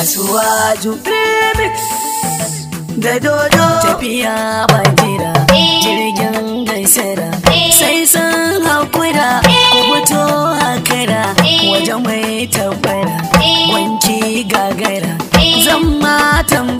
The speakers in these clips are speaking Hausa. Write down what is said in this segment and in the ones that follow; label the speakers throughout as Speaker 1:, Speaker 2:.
Speaker 1: asuwaju remix da dodo tafiya bandira eh. jirgin gaisera eh. sai san hakura eh. ku fito hakara wajen mai tabbara wanki gagara zan ma tambara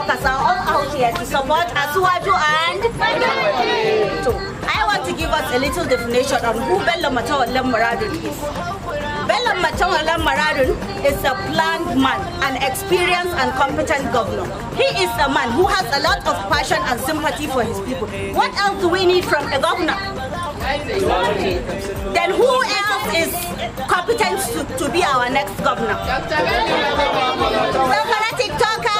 Speaker 1: workers are all out here to support Asuwaju and So I want to give us a little definition on who Bello Matawalle Muradun is. Bello Matawalle is a planned man, an experienced and competent governor. He is a man who has a lot of passion and sympathy for his people. What else do we need from a governor? Then who else is competent to, to be our next governor? Democratic talker.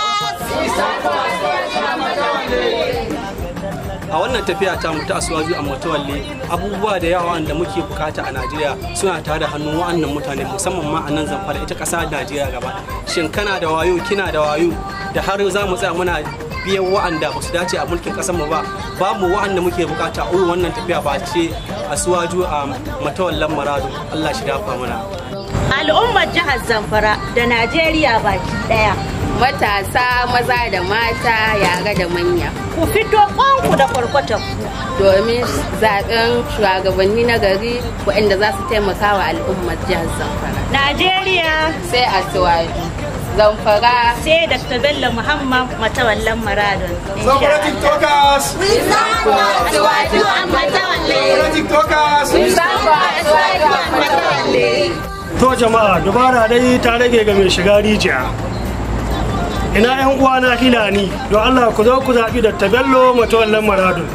Speaker 2: a wannan tafiya ta mu ta asuwaju a matawalle abubuwa da yawa da muke bukata a najeriya suna tare da hannun wa'annan mutane musamman ma a nan zamfara ita kasa najeriya gaba shin kana da wayo kina da wayo da har za mu tsaya muna biyan wa'anda ba su dace a mulkin kasar mu ba ba mu wa'anda muke bukata a wannan tafiya ba ce asuwaju a matawallan maradu allah shi dafa mana
Speaker 1: al'ummar jihar zamfara da najeriya baki daya matasa maza da mata yara da manya ku fito kwanku da kwarkwatan domin zaben shugabanni na gari waɗanda za su taimaka wa al'ummar jihar zamfara najeriya sai a tuwaju zamfara sai dr bello muhammad matawallan maradon zamfara tiktokers we stand for tiktokers
Speaker 2: to jama'a dubara dai ta rage ga mai shiga rijiya ina yan uwana hilani don allah ku zo ku zaɓi da bello matawallan maradun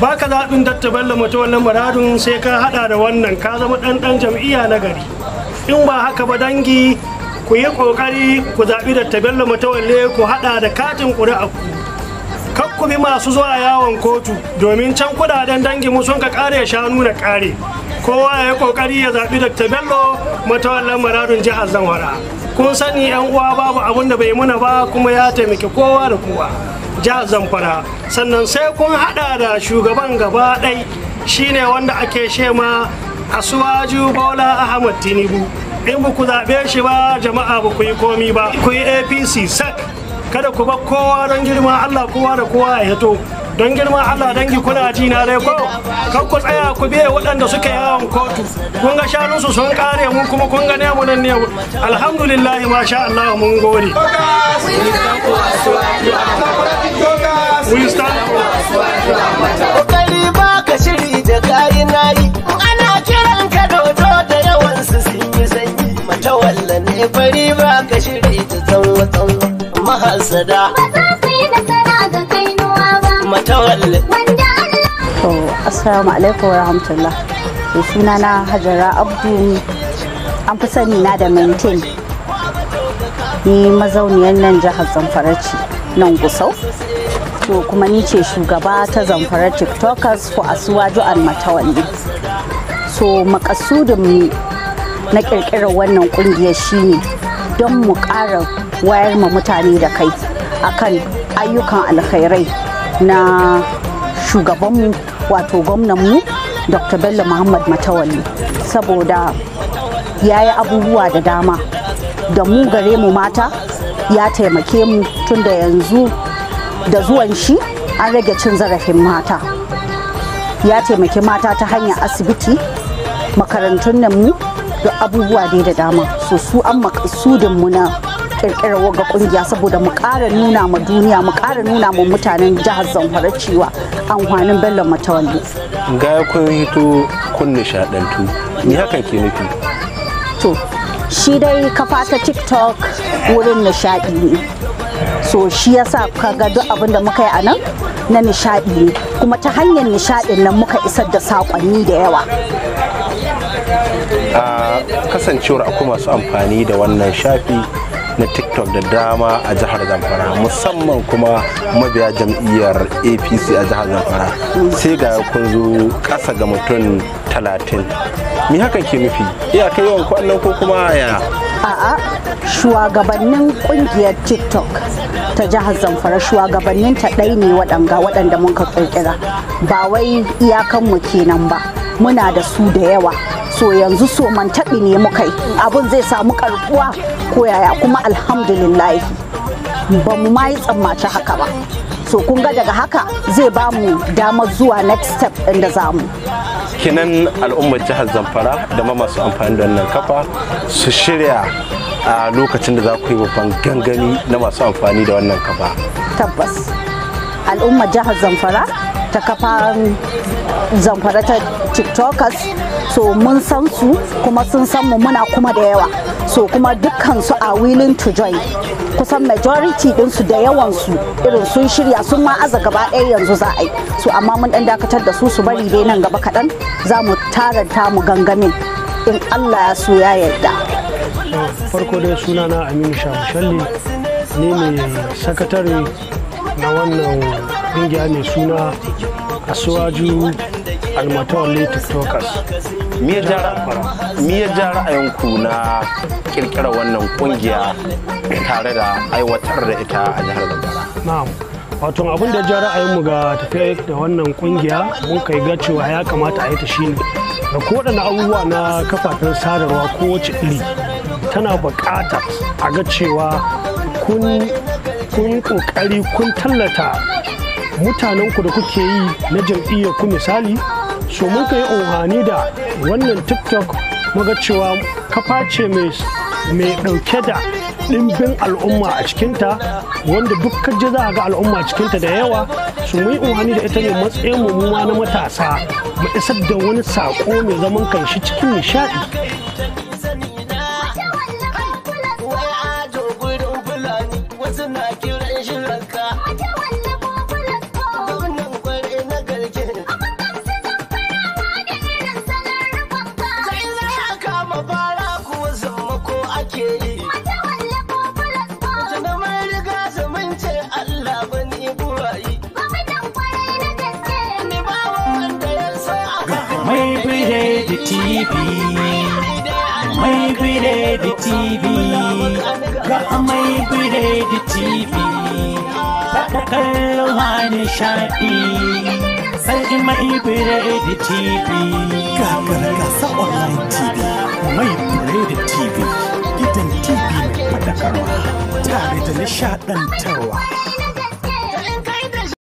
Speaker 2: ba ka zaɓin datta bello maradun sai ka haɗa da wannan ka zama ɗanɗan jam'iyya na gari in ba haka ba dangi ku yi ƙoƙari ku zaɓi datta bello ku haɗa da katin ku kar ku bi masu zuwa yawon kotu domin can kudaden dangi mu sun ka ƙare shanu na kare kowa ya yi ƙoƙari ya zaɓi datta bello maradun jihar zamfara kun sani yan uwa babu abin da bai muna ba kuma ya taimaki kowa da kowa ja zamfara sannan sai kun hada da shugaban gaba ɗai shine wanda ake shema asuwaju bola ahmad tinubu in ba ku zaɓe shi ba jama'a ba ku yi komi ba ku yi apc sak kada ku bar kowa don girma allah kowa da kowa ya hito don girma Allah dangi kuna ji na dai ko kan ku tsaya ku biye waɗanda suka yawon kotu kun ga shanunsu sun kare mu kuma kun ga mu nan ne alhamdulillah ma sha Allah mun gode
Speaker 1: ka shiri da ana kiran ka dodo da mata wallan ne fari ka shiri da tsawo tsawo mahasada almutawalli to assalamu alaikum wa rahmatullah suna na hajara abdu an fi sani na da maintain ni mazauniyar nan jihar zamfara ce nan gusau to kuma ni ce shugaba ta zamfara tiktokers ko asuwaju almatawalli so makasudin na kirkirar wannan kungiyar shine don mu ƙara wayar ma mutane da kai akan ayyukan alkhairai na shugabanmu wato gwamnanmu dr bello muhammad matawali saboda ya yi abubuwa da dama da mu gare mu mata ya taimake mu tun da yanzu da zuwan shi an rage cin zarafin mata ya taimake mata ta hanyar asibiti makarantun nan mu da abubuwa dai da dama su su an makasudinmu mu na kirkirar waga kungiya saboda mu ƙara nuna ma duniya mu ƙara nuna ma mutanen jihar zamfara cewa amfanin bello matawalli
Speaker 2: ga kun hito kun nishadantu ni hakan ke nufi
Speaker 1: to shi dai kafa ta tiktok wurin nishadi ne so shi yasa ka ga duk abin da muka yi anan na nishadi ne kuma ta hanyar nishadin nan muka isar da sakonni da yawa
Speaker 2: a kasancewar akwai masu amfani da wannan shafi na tiktok da dama a jihar zamfara musamman kuma mabiya jam'iyyar apc a jihar zamfara sai ga kun zo ƙasa ga mutum talatin me hakan ke nufi kai yawan kwallon ko kuma ya
Speaker 1: a'a shugabannin kungiyar tiktok ta jihar zamfara shugabannin ta ɗai ne waɗanga waɗanda mun ka ƙirƙira ba wai iyakanmu kenan ba muna da su da yawa so yanzu so man taɓi ne muka yi abin zai samu karbuwa ko yaya kuma alhamdulillah ba mu ma yi tsammaci haka ba so kun ga daga haka zai ba mu damar zuwa next step ɗin da za mu kinan
Speaker 2: al'ummar jihar zamfara da ma masu amfani da wannan kafa su shirya a lokacin da za ku yi babban gangami na masu amfani da wannan kafa
Speaker 1: tabbas al'ummar jihar zamfara ta kafa zamfara ta tiktokers so mun san su kuma sun san mu muna kuma da yawa so kuma dukkan su a willing to join kusan majority din su da yawan su irin sun shirya sun ma aza gaba ɗaya yanzu za a yi so amma mun ɗan dakatar da su su bari dai nan gaba kaɗan za mu taranta mu gangamin in allah ya so ya yarda farko dai
Speaker 2: sunana aminu shabushalli ne mai sakatare na wannan ƙungiya mai suna asuwaju almatawalli tiktokers miyar jara a yanku na kirkira wannan kungiya tare da aiwatar da ita a jihar zamfara na'am wato abin da a ra'ayinmu ga tafiya da wannan kungiya mun kai ga cewa ya kamata a yi ta shine da kowaɗanne abubuwa na kafafen sadarwa ko iri tana buƙatar a ga cewa kun kun ƙoƙari kun tallata mutanenku da kuke yi na jam'iyyar ku misali so mun yi ohani da wannan tiktok muga cewa kafa ce mai ɗauke da ɗimbin al'umma a cikinta wanda dukkan ji za a ga al'umma cikinta da yawa su mu yi da ita ne matsayin mu na matasa mu isar da wani saƙo mai zaman kanshi cikin nishaɗi TV mai biredi TV ga mai biredi TV da kallo hannun shaɗi sai mai biredi TV ga gasa online TV mai biredi TV gidan TV mai faɗakarwa tare da nishaɗantarwa.